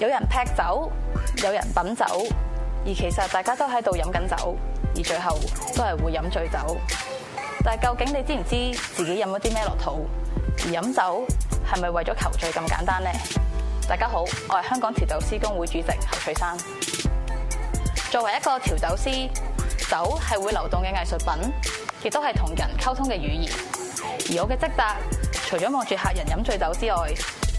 有人劈酒，有人品酒，而其實大家都喺度飲緊酒，而最後都係會飲醉酒。但係究竟你知唔知自己飲咗啲咩落肚？而飲酒係咪為咗求醉咁簡單呢？大家好，我係香港調酒師工會主席侯翠生。作為一個調酒師，酒係會流動嘅藝術品，亦都係同人溝通嘅語言。而我嘅職責，除咗望住客人飲醉酒之外，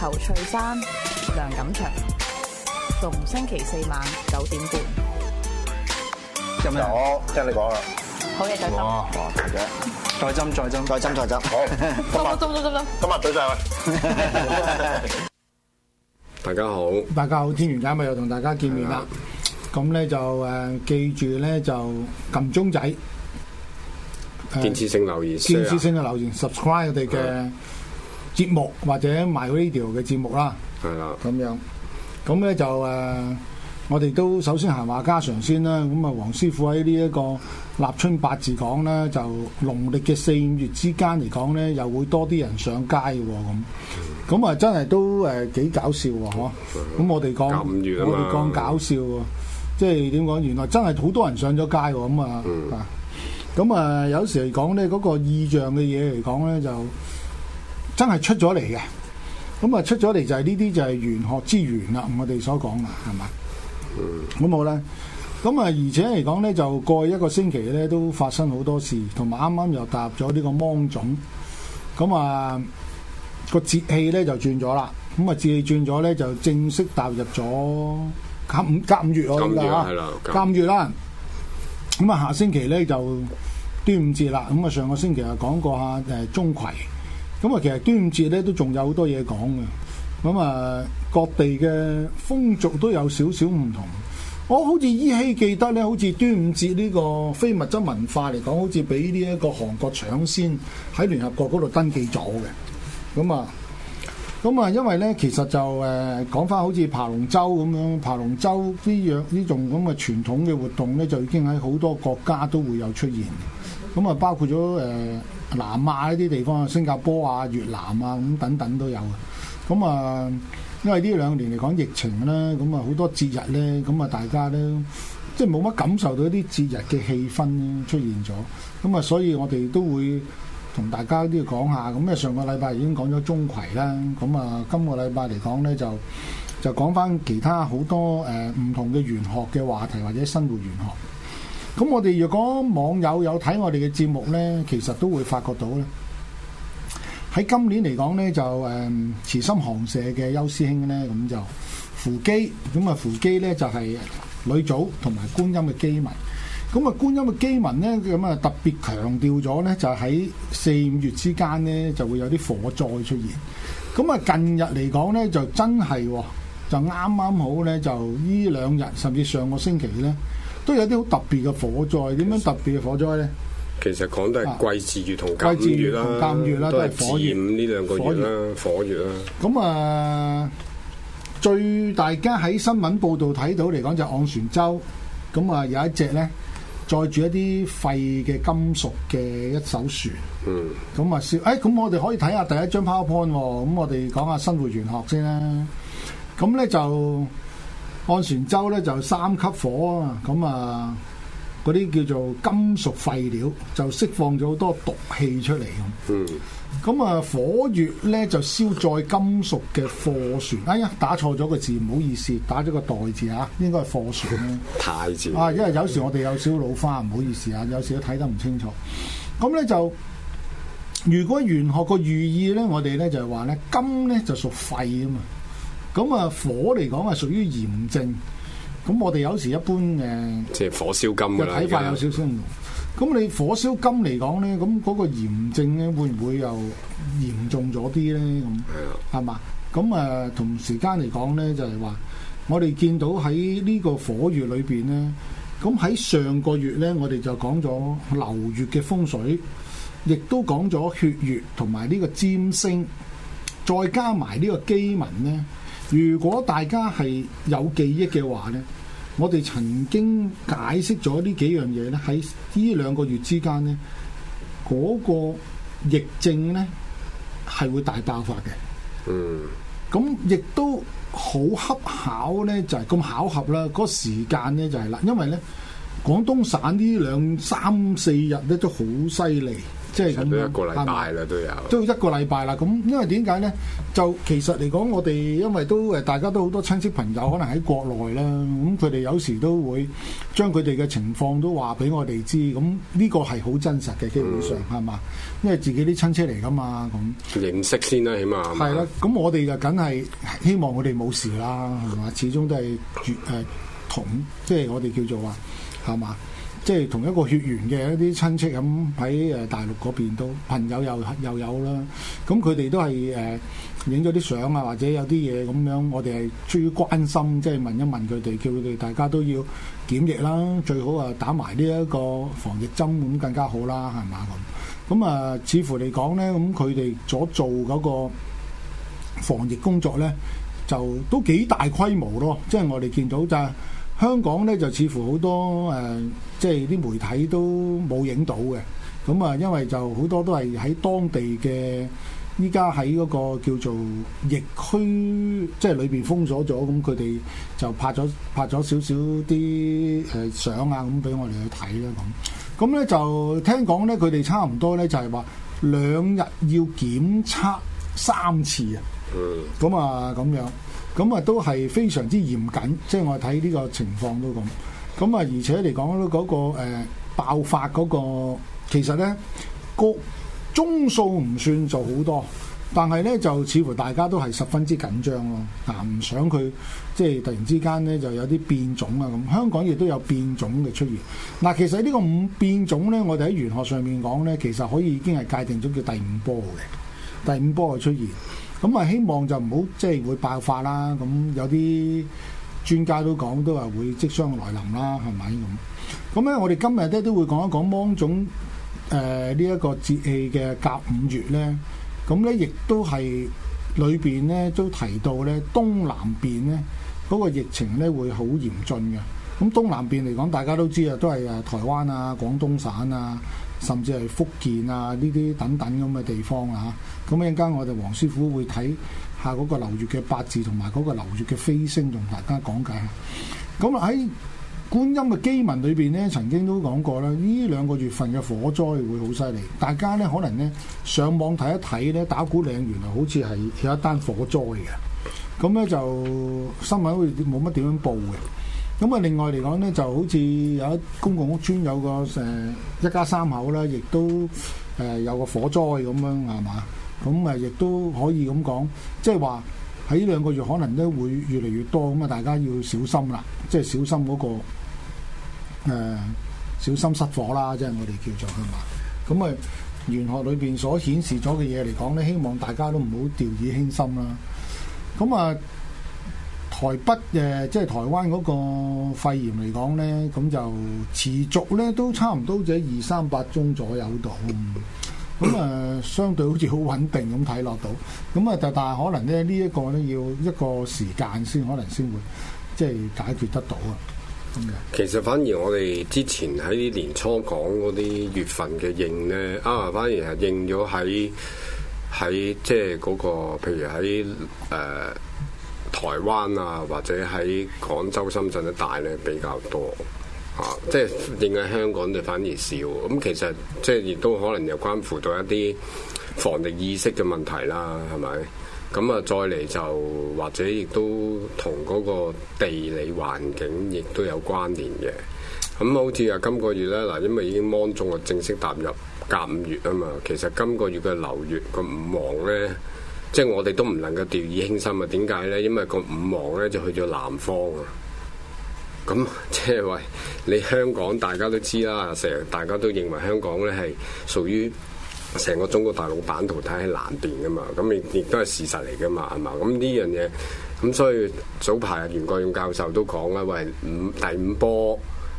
侯翠山、梁錦祥，逢星期四晚九點半。咁樣，我聽你講啦。好嘅，就咁。哇！再斟再斟再斟再斟。好，今日針針針針。今日懟晒佢。大家好，大家好，天玄解密又同大家見面啦。咁咧就誒，記住咧就撳鐘仔。建設性留言，建設性嘅留言，subscribe 我哋嘅節目或者 MyRadio 嘅節目啦，係啦，咁樣，咁咧就誒、呃，我哋都首先閒話家常先啦。咁啊，黃師傅喺呢一個立春八字講咧，就農曆嘅四五月之間嚟講咧，又會多啲人上街喎。咁，咁啊真係都誒幾、呃、搞笑喎，嗬！咁的我哋講，我哋講搞笑喎，即係點講？原來真係好多人上咗街喎。咁啊、嗯，啊，咁啊有時嚟講咧，嗰、那個意象嘅嘢嚟講咧就。真係出咗嚟嘅，咁、嗯、啊出咗嚟就係呢啲就係玄學之源啦，我哋所講啦，係嘛？咁好啦，咁啊、嗯、而且嚟講咧，就過去一個星期咧都發生好多事，同埋啱啱又踏入咗呢個芒種，咁、嗯、啊個節氣咧就轉咗啦，咁啊節氣轉咗咧就正式踏入咗甲午甲午月喎，依家嚇，甲午月啦。咁啊、嗯、下星期咧就端午節啦，咁啊上個星期又講過下誒鍾馗。咁啊，其實端午節咧都仲有好多嘢講嘅。咁啊，各地嘅風俗都有少少唔同。我好似依稀記得咧，好似端午節呢個非物質文化嚟講，好似俾呢一個韓國搶先喺聯合國嗰度登記咗嘅。咁啊，咁啊，因為咧，其實就誒、呃、講返好似爬龍舟咁樣，爬龍舟呢樣呢種咁嘅傳統嘅活動咧，就已經喺好多國家都會有出現。咁啊，包括咗誒。呃南亞呢啲地方啊，新加坡啊、越南啊咁等等都有嘅。咁啊，因為呢兩年嚟講疫情啦，咁啊好多節日呢，咁啊大家都即係冇乜感受到一啲節日嘅氣氛出現咗。咁啊，所以我哋都會同大家都要講下。咁啊，上個禮拜已經講咗鍾馗啦，咁啊今個禮拜嚟講呢，就就講翻其他好多誒唔同嘅玄學嘅話題或者生活玄學。咁我哋若果網友有睇我哋嘅節目咧，其實都會發覺到咧。喺今年嚟講咧，就誒慈心航社嘅邱師兄咧，咁就扶乩，咁啊扶乩咧就係女祖同埋觀音嘅基民。咁啊觀音嘅基民咧，咁啊特別強調咗咧，就喺四五月之間咧就會有啲火災出現。咁啊近日嚟講咧就真係，就啱啱好咧就呢兩日甚至上個星期咧。都有啲好特別嘅火災，點樣特別嘅火災咧？其實講都係季節月同、啊、監月啦，都係火焰呢兩個月啦，火月，火月啦。咁啊，最大家喺新聞報道睇到嚟講就昂船洲，咁啊有一隻咧載住一啲廢嘅金屬嘅一艘船。嗯。咁啊燒，誒、哎、咁我哋可以睇下第一張 PowerPoint 喎、哦，咁我哋講下生活玄學先啦。咁咧就。安船洲咧就三級火啊，咁啊嗰啲叫做金屬廢料就釋放咗好多毒氣出嚟咁。嗯，咁啊火月咧就燒載金屬嘅貨船。哎呀，打錯咗個字，唔好意思，打咗個代字啊，應該係貨船咧。 太字了啊，因為有時我哋有少少老花，唔好意思啊，有時都睇得唔清楚。咁咧就如果玄學個寓意咧，我哋咧就係話咧金咧就屬廢啊嘛。咁啊，火嚟講係屬於炎症。咁我哋有時一般誒，即係火燒金嘅睇法有少少唔同。咁你火燒金嚟講咧，咁嗰個炎症咧會唔會又嚴重咗啲咧？咁係啊，係嘛？咁啊，同時間嚟講咧，就係話我哋見到喺呢個火月裏邊咧，咁喺上個月咧，我哋就講咗流月嘅風水，亦都講咗血月同埋呢個占星，再加埋呢個基紋咧。如果大家係有記憶嘅話呢，我哋曾經解釋咗呢幾樣嘢呢，喺呢兩個月之間呢，嗰、嗰個疫症呢係會大爆發嘅。嗯，咁亦都好恰巧呢，就係、係、咁巧合啦。嗰時間呢，就係啦，因為呢，廣東省呢兩三四日呢都好犀利。即係咁樣一個禮拜啦，吧都有都一個禮拜啦。咁因為點解咧？就其實嚟講，我哋因為都誒，大家都好多親戚朋友可能喺國內啦。咁佢哋有時都會將佢哋嘅情況都話俾我哋知。咁呢個係好真實嘅，基本上係嘛、嗯？因為自己啲親戚嚟㗎嘛。咁認識先啦、啊，起碼。係啦，咁我哋就梗係希望佢哋冇事啦，係嘛？始終都係誒、呃、同，即、就、係、是、我哋叫做話係嘛？即係同一個血緣嘅一啲親戚咁喺誒大陸嗰邊都朋友又又有啦，咁佢哋都係誒影咗啲相啊，或者有啲嘢咁樣，我哋係出於關心，即係問一問佢哋，叫佢哋大家都要檢疫啦，最好啊打埋呢一個防疫針咁更加好啦，係嘛咁。咁啊，似乎嚟講咧，咁佢哋所做嗰個防疫工作咧，就都幾大規模咯，即係我哋見到就係香港咧，就似乎好多誒。即係啲媒體都冇影到嘅，咁啊，因為就好多都係喺當地嘅，依家喺嗰個叫做疫區，即係裏邊封鎖咗，咁佢哋就拍咗拍咗少少啲誒相啊，咁俾我哋去睇啦，咁，咁咧就聽講咧，佢哋差唔多咧就係話兩日要檢測三次啊，嗯，咁啊咁樣，咁啊都係非常之嚴謹，即係我睇呢個情況都咁。咁啊，而且嚟講咧，嗰、那個、呃、爆發嗰、那個，其實呢個宗數唔算就好多，但係呢就似乎大家都係十分之緊張咯。嗱、啊，唔想佢即係突然之間呢就有啲變種啊咁，香港亦都有變種嘅出現。嗱、啊，其實呢個五變種呢，我哋喺玄學上面講呢，其實可以已經係界定咗叫第五波嘅，第五波嘅出現。咁啊，希望就唔好即係會爆發啦。咁、啊、有啲。專家都講都話會即將來臨啦，係咪咁？咁咧，我哋今日咧都會講一講芒種誒呢一個節氣嘅甲午月咧，咁咧亦都係裏邊咧都提到咧東南邊咧嗰個疫情咧會好嚴峻嘅。咁東南邊嚟講，大家都知啊，都係誒台灣啊、廣東省啊。甚至係福建啊，呢啲等等咁嘅地方啊，咁一陣間我哋黃師傅會睇下嗰個流月嘅八字同埋嗰個流月嘅飛星，同大家講解。咁啊喺觀音嘅機文裏邊呢，曾經都講過啦，呢兩個月份嘅火災會好犀利。大家呢，可能呢，上網睇一睇呢，打鼓嶺原來好似係有一單火災嘅。咁、嗯、呢，就新聞好似冇乜點樣報嘅。咁啊，另外嚟講咧，就好似有公共屋邨有個成、呃、一家三口啦，亦都誒有個火災咁樣，係嘛？咁啊，亦都可以咁講，即係話喺呢兩個月可能都會越嚟越多，咁啊，大家要小心啦，即係小心嗰、嗰個、呃、小心失火啦，即係我哋叫做係嘛？咁啊，玄學裏邊所顯示咗嘅嘢嚟講咧，希望大家都唔好掉以輕心啦。咁啊～台北誒，即係台灣嗰個肺炎嚟講咧，咁就持續咧都差唔多就二三百宗左右到，咁、嗯、誒、嗯、相對好似好穩定咁睇落到，咁、嗯、啊，但但係可能咧呢一、這個咧要一個時間先可能先會即係解決得到啊。嗯、其實反而我哋之前喺年初講嗰啲月份嘅應咧，啊反而係應咗喺喺即係嗰、那個，譬如喺誒。呃台灣啊，或者喺廣州、深圳一帶咧比較多嚇、啊，即係點解香港就反而少？咁、啊、其實即係亦都可能又關乎到一啲防疫意識嘅問題啦，係咪？咁啊，再嚟就或者亦都同嗰個地理環境亦都有關聯嘅。咁、啊、好似啊，今個月咧嗱、啊，因為已經芒種啊，正式踏入甲午月啊嘛，其實今個月嘅流月個五黃咧。即係我哋都唔能夠掉以輕心啊！點解呢？因為個五王呢，就去咗南方啊！咁即係話你香港大家都知啦，成大家都認為香港呢，係屬於成個中國大陸版圖睇喺南邊噶嘛，咁亦亦都係事實嚟噶嘛，係嘛？咁呢樣嘢，咁所以早排啊，袁國勇教授都講啦，喂，五第五波。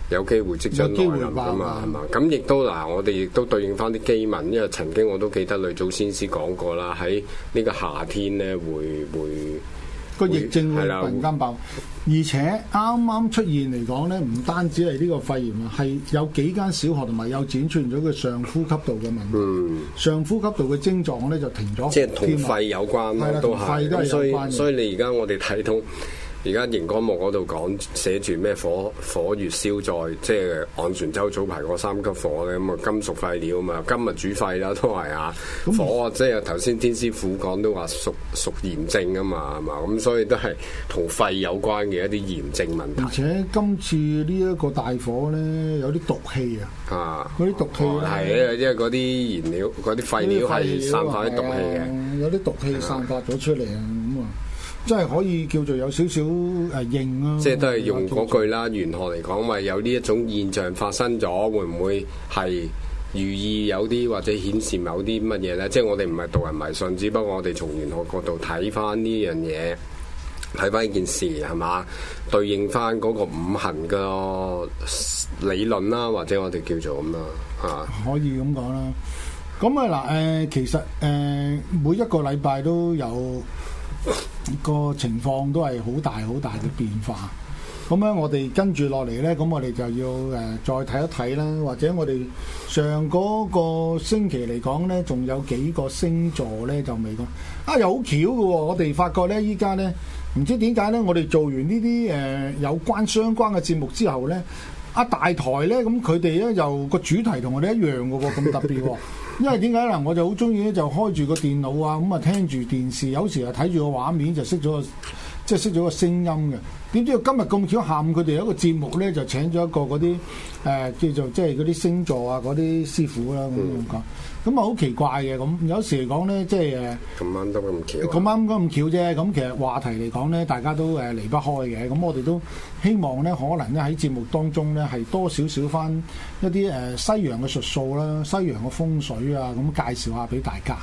有機會即積內力噶嘛，係嘛？咁亦吧、嗯、都嗱，我哋亦都對應翻啲基民，因為曾經我都記得呂祖先師講過啦，喺呢個夏天咧會會個疫症會突然爆，而且啱啱出現嚟講咧，唔單止係呢個肺炎啊，係有幾間小學同埋有傳染咗個上呼吸道嘅問題。嗯，上呼吸道嘅症狀咧就停咗，即係同肺有關。係啦、嗯，同肺都係、嗯、所以，所以你而家我哋睇到。而家熒光幕嗰度講寫住咩火火月燒在，即係昂船洲早排嗰三級火咧，咁啊金屬廢料啊嘛，今日煮廢啦都係啊火啊，是即係頭先天師傅講都話屬屬炎症啊嘛，係嘛咁，所以都係同肺有關嘅一啲炎症問題。而且今次呢一個大火咧，有啲毒氣，毒氣啊，嗰啲毒氣係啊，因為嗰啲燃料、嗰啲廢料係散發啲毒氣嘅、啊啊啊啊，有啲毒氣散發咗出嚟啊咁啊。即係可以叫做有少少誒認咯，即係都係用嗰句啦。玄學嚟講，咪有呢一種現象發生咗，會唔會係寓意有啲或者顯示某啲乜嘢咧？即係我哋唔係導人迷信，只不過我哋從玄學角度睇翻呢樣嘢，睇翻件事係嘛？對應翻嗰個五行嘅理論啦，或者我哋叫做咁啦，嚇、啊。可以咁講啦。咁啊嗱誒，其實誒、呃、每一個禮拜都有。個情況都係好大好大嘅變化，咁咧我哋跟住落嚟呢，咁我哋就要誒再睇一睇啦，或者我哋上嗰個星期嚟講呢，仲有幾個星座呢，就未講，啊又好巧㗎喎，我哋發覺呢，依家呢，唔知點解呢，我哋做完呢啲誒有關相關嘅節目之後呢，一、啊、大台呢，咁佢哋咧又個主題同我哋一樣㗎喎，哦，咁特別喎，哦。 因為點解嗱？我就好中意咧，就開住個電腦啊，咁啊聽住電視，有時啊睇住個畫面就識咗個。即係識咗個聲音嘅，點知今日咁巧，下午佢哋有一個節目咧，就請咗一個嗰啲誒叫做即係啲星座啊嗰啲師傅啦咁講。咁啊好奇怪嘅咁有時嚟講咧，即係咁啱得咁巧，啊，咁啱咁巧啫。咁其實話題嚟講咧，大家都誒離不開嘅。咁我哋都希望咧，可能咧喺節目當中咧，係多少少翻一啲誒西洋嘅術數啦，西洋嘅風水啊，咁介紹下俾大家。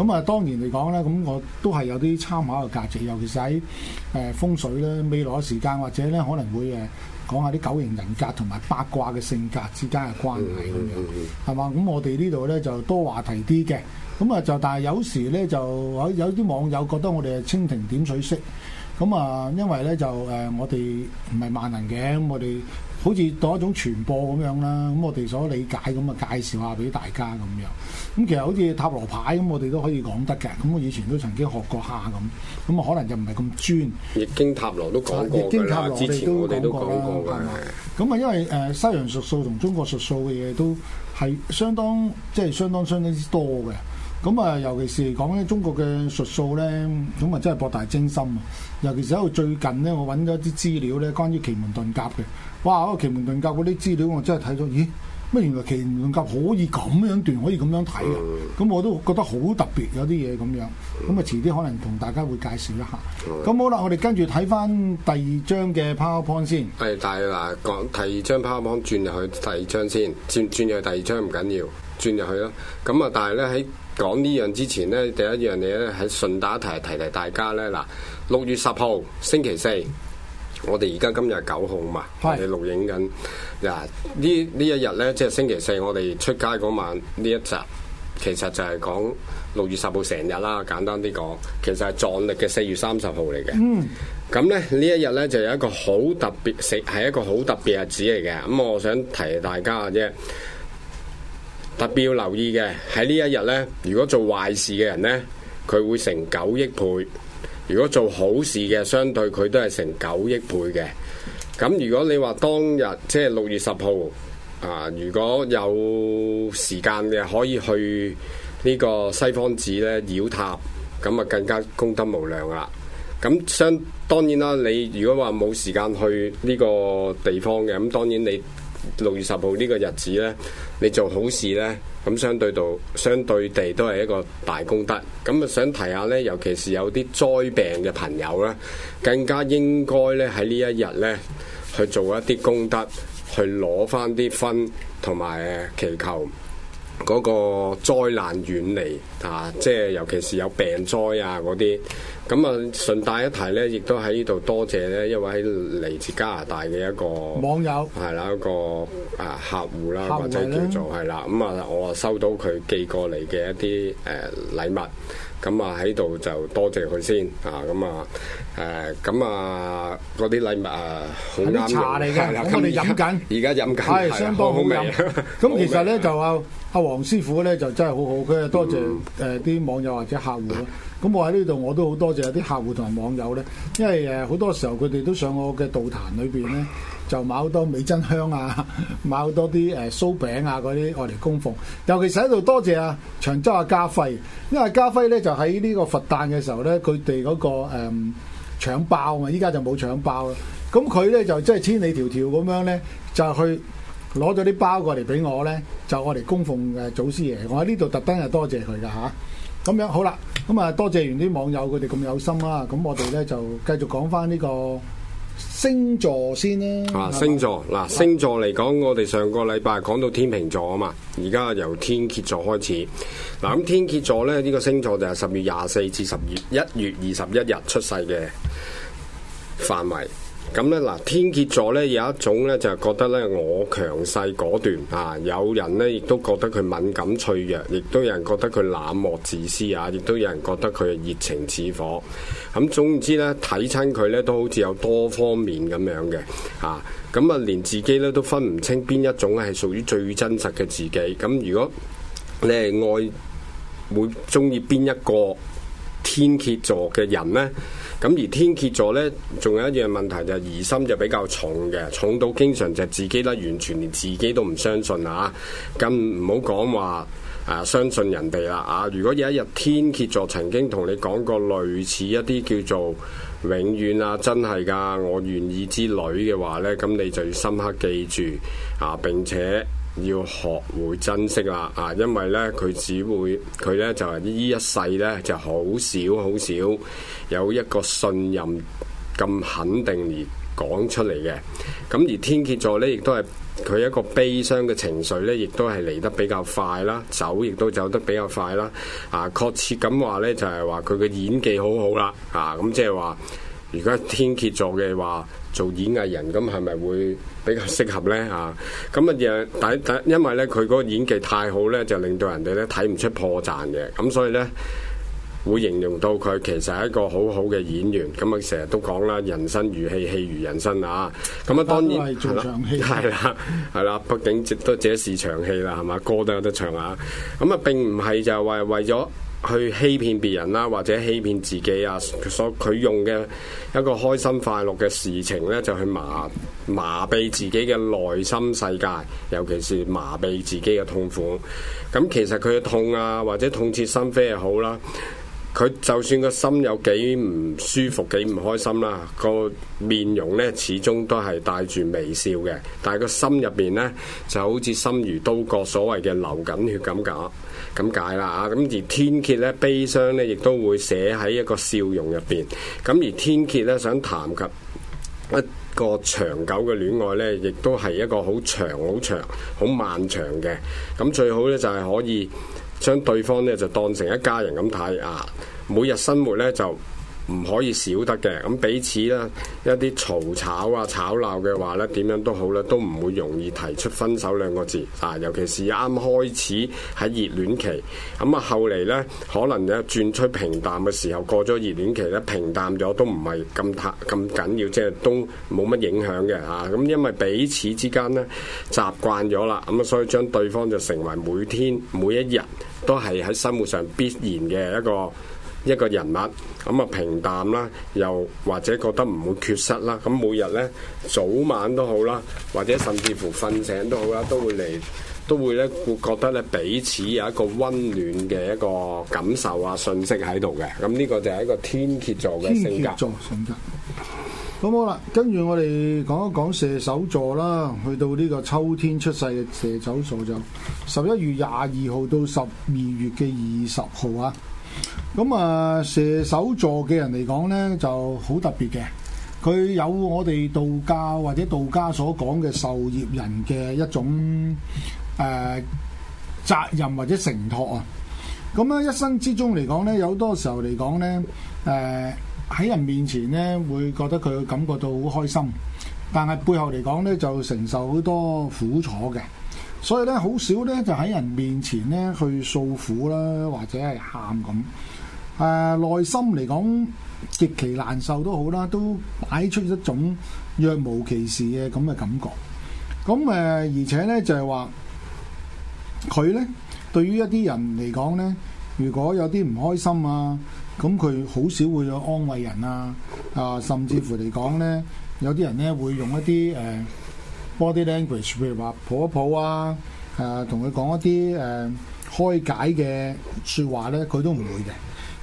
咁啊，當然嚟講咧，咁我都係有啲參考嘅價值，尤其是喺誒、呃、風水咧，未來嘅時間或者咧可能會誒講下啲九型人格同埋八卦嘅性格之間嘅關係咁樣，係嘛、嗯？咁、嗯、我哋呢度咧就多話題啲嘅，咁啊就但係有時咧就有有啲網友覺得我哋係蜻蜓點水式，咁啊因為咧就誒、呃、我哋唔係萬能嘅，咁我哋好似當一種傳播咁樣啦，咁我哋所理解咁啊介紹下俾大家咁樣。咁其實好似塔羅牌咁，我哋都可以講得嘅。咁我以前都曾經學過下咁，咁啊可能就唔係咁專。易經塔羅都講過嘅啦，我哋都講過啦。咁啊，因為誒西洋術數同中國術數嘅嘢都係相當即係相當相當之多嘅。咁啊，尤其是講咧中國嘅術數咧，咁啊真係博大精深啊！尤其是喺度最近咧，我揾咗啲資料咧，關於奇門遁甲嘅。哇！個奇門遁甲嗰啲資料我真係睇咗，咦？乜原來奇門遁甲可以咁樣斷，可以咁樣睇嘅，咁、嗯、我都覺得好特別，有啲嘢咁樣，咁啊遲啲可能同大家會介紹一下。咁、嗯、好啦，我哋跟住睇翻第二張嘅 PowerPoint 先。係，但係嗱，講第二張 PowerPoint 轉入去第二張先，轉轉入去第二張唔緊要，轉入去咯。咁啊，但係咧喺講呢樣之前咧，第一樣嘢咧喺順帶提提提大家咧，嗱，六月十號星期四。我哋而家今日九號嘛，你是錄影緊嗱呢呢一日呢，即係星期四，我哋出街嗰晚呢一集，其實就係講六月十號成日啦，簡單啲講，其實係曆日嘅四月三十號嚟嘅。嗯，咁咧呢一日呢，就有一個好特別，食係一個好特別嘅日子嚟嘅。咁、嗯、我想提大家嘅啫，特別要留意嘅喺呢一日呢，如果做壞事嘅人呢，佢會成九億倍。如果做好事嘅，相對佢都係成九億倍嘅。咁如果你話當日即係六月十號，啊，如果有時間嘅可以去呢個西方寺咧繞塔，咁啊更加功德無量啦。咁相當然啦，你如果話冇時間去呢個地方嘅，咁當然你六月十號呢個日子咧，你做好事咧。咁相對度，相對地都係一個大功德。咁啊，想提下呢，尤其是有啲災病嘅朋友啦，更加應該呢喺呢一日呢去做一啲功德，去攞翻啲分同埋祈求。嗰個災難遠離啊！即係尤其是有病災啊嗰啲，咁啊順帶一提咧，亦都喺呢度多謝咧一位嚟自加拿大嘅一個網友，係啦一個啊客戶啦，或者叫做係啦，咁啊我啊收到佢寄過嚟嘅一啲誒禮物，咁啊喺度就多謝佢先啊，咁啊誒咁啊嗰啲禮物啊，係茶嚟嘅，我哋飲緊，而家飲緊，係相當好味，咁其實咧就。阿黃師傅咧就真係好好，佢又多謝誒啲、呃、網友或者客戶咯。咁、嗯嗯、我喺呢度我都好多謝啲客戶同埋網友咧，因為誒好、呃、多時候佢哋都上我嘅道壇裏邊咧，就買好多美珍香啊，買好多啲誒酥餅啊嗰啲我嚟供奉。尤其是喺度多謝啊長洲啊家輝，因為家輝咧就喺呢個佛誕嘅時候咧，佢哋嗰個誒、嗯、搶包啊！依家就冇搶包啦。咁佢咧就真係千里迢迢咁樣咧就去。攞咗啲包過嚟俾我呢，就我哋供奉嘅祖師爺。我喺呢度特登係多謝佢噶吓，咁、啊、樣好啦。咁啊多謝完啲網友佢哋咁有心啦。咁我哋呢，就繼續講翻呢個星座先啦、啊吧。啊，星座嗱，星座嚟講，我哋上個禮拜講到天秤座啊嘛，而家由天蠍座開始。嗱、啊，咁天蠍座呢，呢、這個星座就係十月廿四至十一月二十一日出世嘅範圍。咁咧嗱，天蠍座咧有一種咧就係覺得咧我強勢果斷啊，有人咧亦都覺得佢敏感脆弱，亦都有人覺得佢冷漠自私啊，亦都有人覺得佢係熱情似火。咁總之咧睇親佢咧都好似有多方面咁樣嘅啊。咁啊，連自己咧都分唔清邊一種係屬於最真實嘅自己。咁如果你係愛會中意邊一個天蠍座嘅人咧？咁而天蠍座呢，仲有一樣問題，就疑心就比較重嘅，重到經常就自己咧完全連自己都唔相信啊！咁唔好講話誒，相信人哋啦啊！如果有一日天蠍座曾經同你講過類似一啲叫做永遠啊、真係噶、我願意之類嘅話呢，咁你就要深刻記住啊，並且。要學會珍惜啦，啊，因為呢，佢只會佢呢就係呢一世呢就好少好少有一個信任咁肯定而講出嚟嘅。咁、啊、而天蠍座呢，亦都係佢一個悲傷嘅情緒呢，亦都係嚟得比較快啦，走亦都走得比較快啦。啊，確切咁話呢，就係話佢嘅演技好好啦，啊，咁即係話如果天蠍座嘅話。做演藝人咁係咪會比較適合呢？嚇？咁啊，但但因為呢佢嗰個演技太好呢，就令到人哋呢睇唔出破綻嘅。咁所以呢，會形容到佢其實係一個好好嘅演員。咁啊，成日都講啦，人生如戲，戲如人生啊。咁啊，當然係啦，係啦，係啦。 畢竟這都這是長戲啦，係嘛？歌都有得唱啊。咁啊，並唔係就係為咗。為去欺騙別人啦，或者欺騙自己啊！所佢用嘅一個開心快樂嘅事情呢，就去麻麻痹自己嘅內心世界，尤其是麻痹自己嘅痛苦。咁其實佢嘅痛啊，或者痛徹心扉又好啦。佢就算個心有幾唔舒服、幾唔開心啦，個面容呢，始終都係帶住微笑嘅，但係個心入邊呢，就好似心如刀割，所謂嘅流緊血咁㗎。咁解啦嚇，咁而天蠍咧，悲傷咧，亦都會寫喺一個笑容入邊。咁而天蠍咧，想談及一個長久嘅戀愛咧，亦都係一個好長、好長、好漫長嘅。咁最好咧，就係可以將對方咧就當成一家人咁睇啊！每日生活咧就。唔可以少得嘅，咁彼此咧一啲嘈吵啊、吵鬧嘅話呢，點樣都好咧，都唔會容易提出分手兩個字啊！尤其是啱開始喺熱戀期，咁啊後嚟呢，可能咧轉出平淡嘅時候，過咗熱戀期咧平淡咗都唔係咁太咁緊要，即係都冇乜影響嘅嚇。咁、啊、因為彼此之間呢，習慣咗啦，咁啊所以將對方就成為每天每一日都係喺生活上必然嘅一個。一個人物咁啊平淡啦，又或者覺得唔會缺失啦。咁每日呢，早晚都好啦，或者甚至乎瞓醒都好啦，都會嚟，都會呢覺得呢彼此有一個溫暖嘅一個感受啊，信息喺度嘅。咁呢個就係一個天蠍座嘅性格。天蠍座性格。咁好啦，跟住我哋講一講射手座啦。去到呢個秋天出世嘅射手座就十一月廿二號到十二月嘅二十號啊。咁啊，嗯、射手座嘅人嚟講呢，就好特別嘅。佢有我哋道教或者道家所講嘅受業人嘅一種誒、呃、責任或者承托啊。咁、嗯、呢，一生之中嚟講呢，有好多時候嚟講呢，誒、呃、喺人面前呢會覺得佢感覺到好開心，但係背後嚟講呢，就承受好多苦楚嘅。所以呢，好少呢就喺人面前呢去訴苦啦，或者係喊咁。誒內心嚟講極其難受都好啦，都擺出一種若無其事嘅咁嘅感覺。咁誒，而且咧就係話佢咧對於一啲人嚟講咧，如果有啲唔開心啊，咁佢好少會有安慰人啊。啊，甚至乎嚟講咧，有啲人咧會用一啲誒 body language，譬如話抱一抱啊，誒同佢講一啲誒開解嘅説話咧，佢都唔會嘅。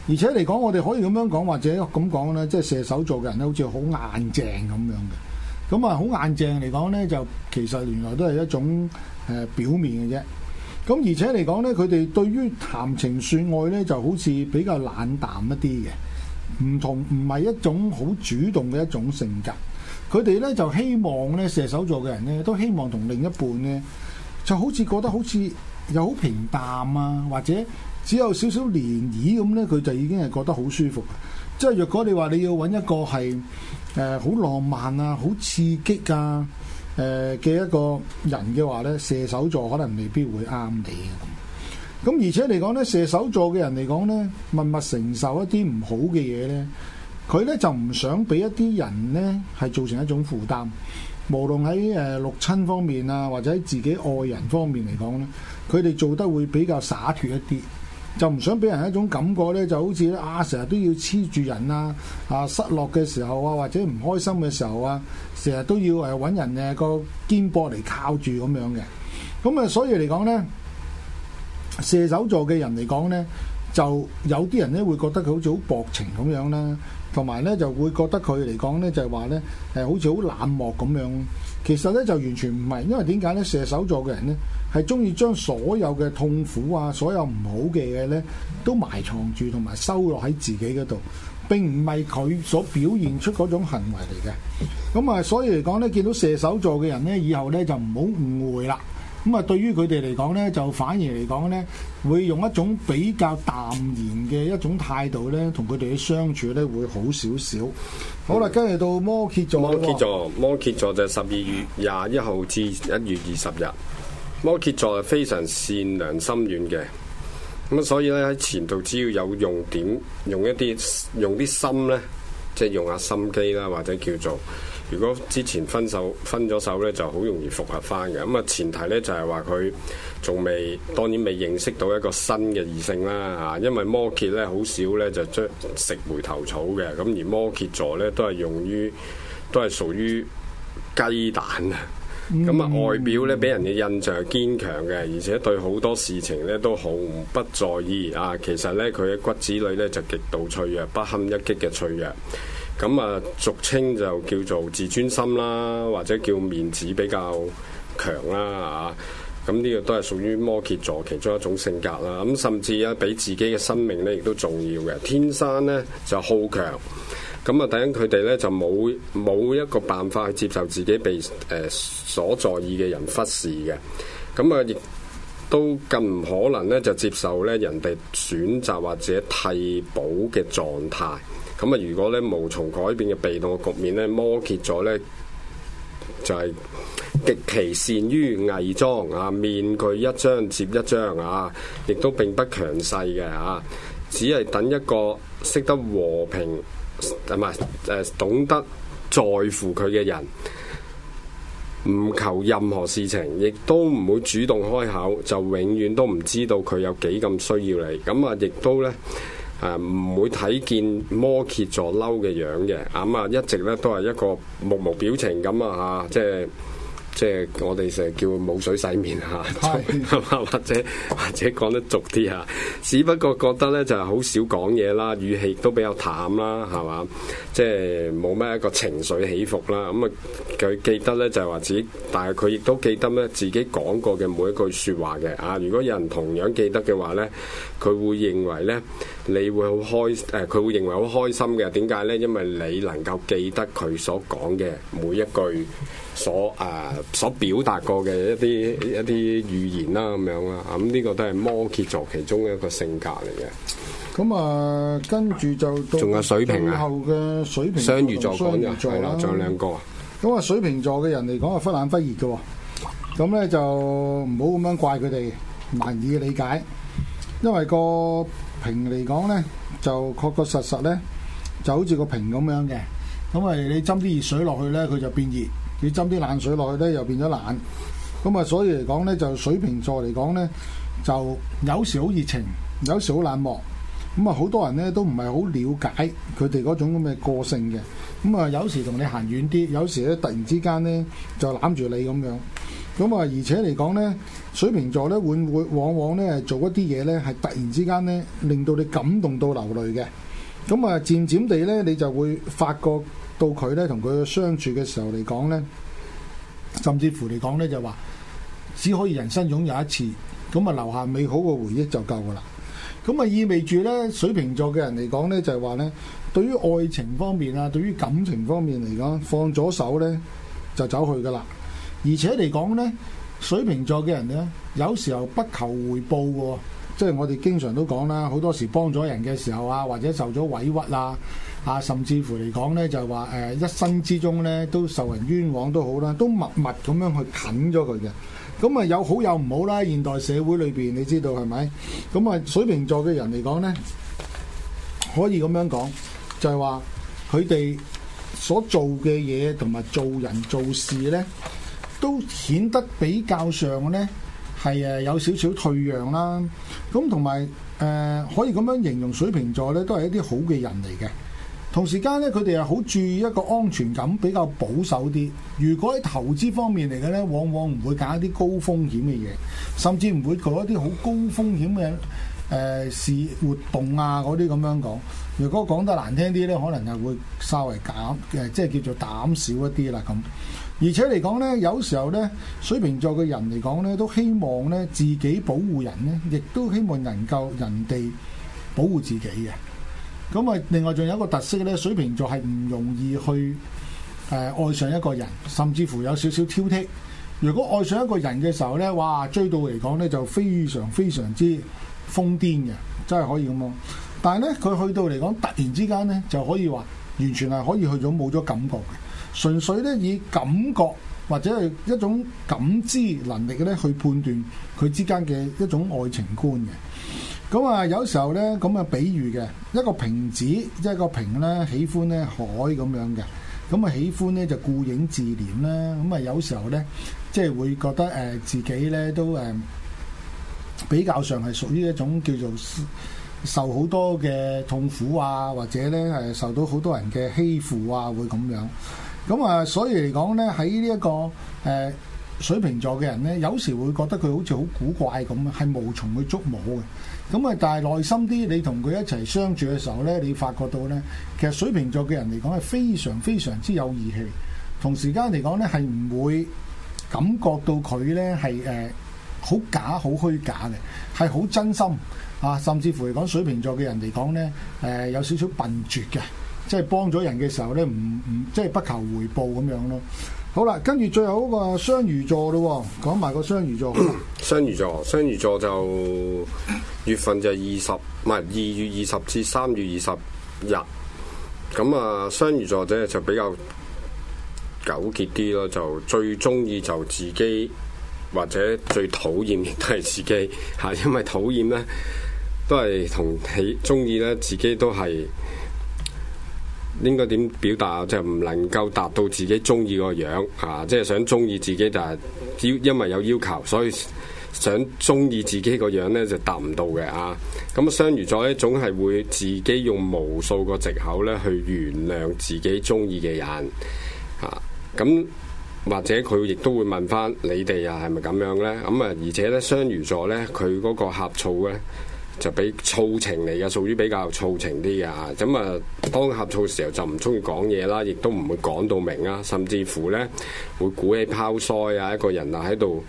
而且嚟講，我哋可以咁樣講，或者咁講呢，即係射手座嘅人咧，好似好硬淨咁樣嘅。咁啊，好硬淨嚟講呢，就其實原來都係一種誒表面嘅啫。咁而且嚟講呢，佢哋對於談情説愛呢，就好似比較冷淡一啲嘅，唔同唔係一種好主動嘅一種性格。佢哋呢，就希望呢射手座嘅人呢，都希望同另一半呢，就好似覺得好似，又好平淡啊，或者只有少少漣漪咁呢，佢就已經係覺得好舒服。即係若果你話你要揾一個係誒好浪漫啊、好刺激啊誒嘅、呃、一個人嘅話呢，射手座可能未必會啱你嘅咁，嗯。而且嚟講呢，射手座嘅人嚟講呢，默默承受一啲唔好嘅嘢呢，佢呢就唔想俾一啲人呢，係造成一種負擔，無論喺誒六親方面啊，或者自己愛人方面嚟講呢。佢哋做得會比較灑脱一啲，就唔想俾人一種感覺咧，就好似啊成日都要黐住人啦，啊，啊失落嘅時候啊，或者唔開心嘅時候啊，成日都要誒揾、啊、人誒個肩膊嚟靠住咁樣嘅。咁啊，所以嚟講咧，射手座嘅人嚟講咧。就有啲人咧會覺得佢好似好薄情咁樣啦，同埋咧就會覺得佢嚟講咧就係話咧誒好似好冷漠咁樣。其實咧就完全唔係，因為點解咧？射手座嘅人咧係中意將所有嘅痛苦啊、所有唔好嘅嘢咧都埋藏住，同埋收落喺自己嗰度，並唔係佢所表現出嗰種行為嚟嘅。咁啊，所以嚟講咧，見到射手座嘅人咧，以後咧就唔好誤會啦。咁啊，對於佢哋嚟講咧，就反而嚟講咧，會用一種比較淡然嘅一種態度咧，同佢哋嘅相處咧，會好少少。好啦，跟住到摩羯座，摩羯座、哦、摩羯座。摩羯座，摩羯座就係十二月廿一號至一月二十日。摩羯座係非常善良心軟嘅。咁所以咧喺前度，只要有用點，用一啲，用啲心咧，即係用下心機啦，或者叫做。如果之前分手分咗手咧，就好容易復合翻嘅。咁啊，前提咧就係話佢仲未當然未認識到一個新嘅異性啦。嚇，因為摩羯咧好少咧就將食回頭草嘅，咁而摩羯座咧都係用於都係屬於雞蛋啊。咁啊、嗯， 外表咧俾人嘅印象係堅強嘅，而且對好多事情咧都毫不在意啊。其實咧佢喺骨子裏咧就極度脆弱，不堪一擊嘅脆弱。咁啊，俗稱就叫做自尊心啦，或者叫面子比較強啦啊！咁呢個都係屬於摩羯座其中一種性格啦。咁甚至啊，比自己嘅生命咧，亦都重要嘅。天生咧就好強，咁啊，等佢哋咧就冇冇一個辦法去接受自己被誒所在意嘅人忽視嘅。咁啊，亦～都更唔可能咧就接受咧人哋選擇或者替補嘅狀態。咁啊，如果咧無從改變嘅被動嘅局面咧，摩羯咗咧，就係極其善於偽裝啊，面具一張接一張啊，亦都並不強勢嘅啊，只係等一個識得和平啊，唔係誒懂得在乎佢嘅人。唔求任何事情，亦都唔會主動開口，就永遠都唔知道佢有幾咁需要你。咁啊，亦都呢，誒唔會睇見摩羯座嬲嘅樣嘅，咁啊一直呢都係一個目無表情咁啊吓，即係。即係我哋成日叫冇水洗面嚇， 或者或者講得俗啲嚇，只不過覺得咧就係、是、好少講嘢啦，語氣都比較淡啦，係嘛？即係冇咩一個情緒起伏啦。咁、嗯、啊，佢記得咧就係、是、話自己，但係佢亦都記得咧自己講過嘅每一句説話嘅啊。如果有人同樣記得嘅話咧，佢會認為咧你會好開心，誒、呃、佢會認為好開心嘅。點解咧？因為你能夠記得佢所講嘅每一句。所啊、呃，所表達過嘅一啲一啲語言啦，咁樣啦，咁呢個都係摩羯座其中一個性格嚟嘅。咁啊，跟住就仲有水瓶啊，後嘅水瓶雙魚座講咗，係啦，仲有兩個。咁啊，水瓶座嘅人嚟講啊，忽冷忽熱嘅。咁咧就唔好咁樣怪佢哋難以理解，因為個瓶嚟講咧，就確確實實咧，就好似個瓶咁樣嘅。咁啊，你斟啲熱水落去咧，佢就變熱，熱就變熱。你斟啲冷水落去咧，又變咗冷。咁啊，所以嚟講咧，就水瓶座嚟講咧，就有時好熱情，有時好冷漠。咁啊，好多人咧都唔係好了解佢哋嗰種咁嘅個性嘅。咁啊，有時同你行遠啲，有時咧突然之間咧就攬住你咁樣。咁啊，而且嚟講咧，水瓶座咧會會往往咧做一啲嘢咧，係突然之間咧令到你感動到流淚嘅。咁啊，漸漸地咧，你就會發覺。到佢呢同佢相處嘅時候嚟講呢，甚至乎嚟講呢，就話，只可以人生擁有一次，咁啊留下美好嘅回憶就夠噶啦。咁啊意味住呢，水瓶座嘅人嚟講呢，就係話呢，對於愛情方面啊，對於感情方面嚟講，放咗手呢，就走去噶啦。而且嚟講呢，水瓶座嘅人呢，有時候不求回報喎，即係我哋經常都講啦，好多時幫咗人嘅時候啊，或者受咗委屈啊。啊，甚至乎嚟講呢，就話誒一生之中呢，都受人冤枉都好啦，都默默咁樣去啃咗佢嘅。咁啊，有好有唔好啦。現代社會裏邊，你知道係咪？咁啊，水瓶座嘅人嚟講呢，可以咁樣講，就係話佢哋所做嘅嘢同埋做人做事呢，都顯得比較上呢，係誒有少少退讓啦。咁同埋誒可以咁樣形容水瓶座呢，都係一啲好嘅人嚟嘅。同時間咧，佢哋又好注意一個安全感，比較保守啲。如果喺投資方面嚟嘅咧，往往唔會揀一啲高風險嘅嘢，甚至唔會做一啲好高風險嘅誒、呃、事活動啊嗰啲咁樣講。如果講得難聽啲咧，可能係會稍微減誒，即係叫做膽小一啲啦咁。而且嚟講咧，有時候咧，水瓶座嘅人嚟講咧，都希望咧自己保護人咧，亦都希望能夠人哋保護自己嘅。咁啊，另外仲有一個特色呢，水瓶座係唔容易去誒、呃、愛上一個人，甚至乎有少少挑剔。如果愛上一個人嘅時候呢，哇，追到嚟講呢，就非常非常之瘋癲嘅，真係可以咁講。但係呢，佢去到嚟講，突然之間呢，就可以話完全係可以去到冇咗感覺嘅，純粹呢，以感覺或者係一種感知能力呢，去判斷佢之間嘅一種愛情觀嘅。咁啊，有時候呢，咁啊，比喻嘅一個瓶子，一個瓶呢，喜歡呢海咁樣嘅，咁啊，喜歡呢就顧影自憐啦，咁啊，有時候呢，即係會覺得誒、呃、自己呢都誒、呃、比較上係屬於一種叫做受好多嘅痛苦啊，或者呢誒受到好多人嘅欺負啊，會咁樣。咁、呃、啊，所以嚟講呢，喺呢一個誒，呃水瓶座嘅人呢，有時會覺得佢好似好古怪咁啊，係無從去捉摸嘅。咁啊，但係耐心啲你同佢一齊相處嘅時候呢，你發覺到呢，其實水瓶座嘅人嚟講係非常非常之有義氣，同時間嚟講呢，係唔會感覺到佢呢係誒好假好虛假嘅，係好真心啊。甚至乎嚟講，水瓶座嘅人嚟講呢，誒、呃、有少少笨拙嘅，即係幫咗人嘅時候呢，唔唔即係不求回報咁樣咯。好啦，跟住最後嗰個雙魚座咯、哦，講埋個雙魚座 雙魚座，雙魚座就月份就二十，唔係二月二十至三月二十日。咁啊，雙魚座咧就比較糾結啲咯，就最中意就自己，或者最討厭都係自己。嚇，因為討厭呢，都係同喜中意呢，自己都係。應該點表達啊？就唔、是、能夠達到自己中意個樣嚇、啊，即係想中意自己但係要，因為有要求，所以想中意自己個樣呢，就達唔到嘅啊！咁雙魚座呢，總係會自己用無數個藉口呢去原諒自己中意嘅人嚇，咁、啊、或者佢亦都會問翻你哋啊係咪咁樣呢？咁啊而且呢，雙魚座呢，佢嗰個呷醋呢。就比燥情嚟嘅，屬於比較燥情啲嘅。咁啊，當呷醋時候就唔中意講嘢啦，亦都唔會講到明啦，甚至乎呢會鼓起泡腮啊，一個人啊喺度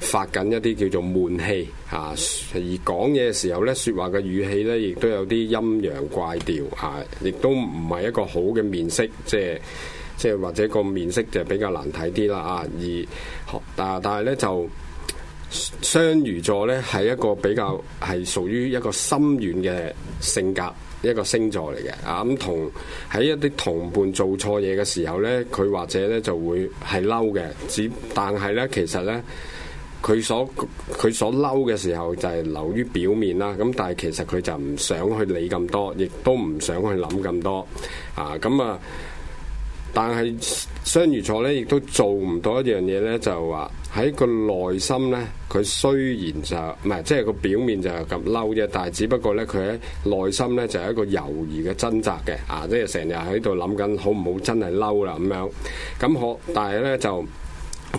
發緊一啲叫做悶氣啊。而講嘢嘅時候呢，説話嘅語氣呢亦都有啲陰陽怪調啊，亦都唔係一個好嘅面色，即係即係或者個面色就比較難睇啲啦啊。而但係但係呢就。雙魚座呢，係一個比較係屬於一個心軟嘅性格一個星座嚟嘅啊。咁同喺一啲同伴做錯嘢嘅時候呢，佢或者呢就會係嬲嘅。只但係呢，其實呢，佢所佢所嬲嘅時候就係流於表面啦。咁但係其實佢就唔想去理咁多，亦都唔想去諗咁多啊。咁、嗯、啊，但係雙魚座呢亦都做唔到一樣嘢呢，就話。喺個內心呢，佢雖然就唔係，即係個表面就係咁嬲啫，但係只不過呢，佢喺內心呢，就係一個猶豫嘅掙扎嘅，啊，即係成日喺度諗緊，好唔好真係嬲啦咁樣。咁好，但係呢，就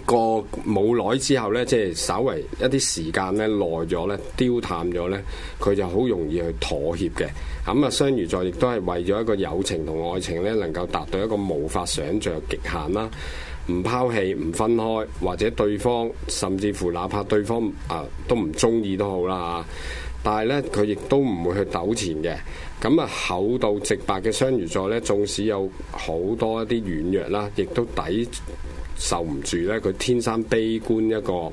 過冇耐之後呢，即係稍微一啲時間呢，耐咗呢，丟淡咗呢，佢就好容易去妥協嘅。咁啊，雙魚座亦都係為咗一個友情同愛情呢，能夠達到一個無法想像嘅極限啦。唔拋棄唔分開，或者對方甚至乎哪怕對方啊都唔中意，都好啦、啊、但係呢，佢亦都唔會去糾纏嘅。咁啊，厚道直白嘅雙魚座呢，縱使有好多一啲軟弱啦，亦、啊、都抵受唔住呢，佢天生悲觀一個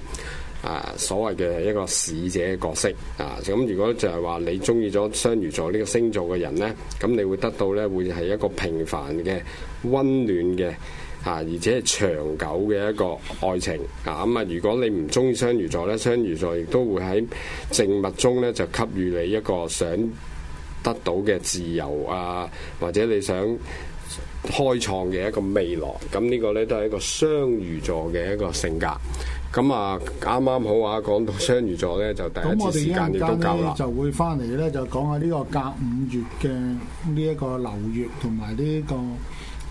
啊，所謂嘅一個使者嘅角色啊。咁、啊、如果就係話你中意咗雙魚座呢個星座嘅人呢，咁你會得到呢，會係一個平凡嘅溫暖嘅。啊！而且係長久嘅一個愛情啊！咁啊，如果你唔中意雙魚座咧，雙魚座亦都會喺靜物中咧，就給予你一個想得到嘅自由啊，或者你想開創嘅一個未來。咁呢個咧都係一個雙魚座嘅一個性格。咁啊，啱啱好啊，講到雙魚座咧，就第一節時間亦都夠啦。就會翻嚟咧，就講下呢個甲午月嘅呢一個流月同埋呢個。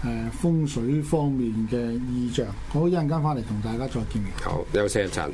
誒風水方面嘅異象，好，一陣間翻嚟同大家再見面。好，休息一陣。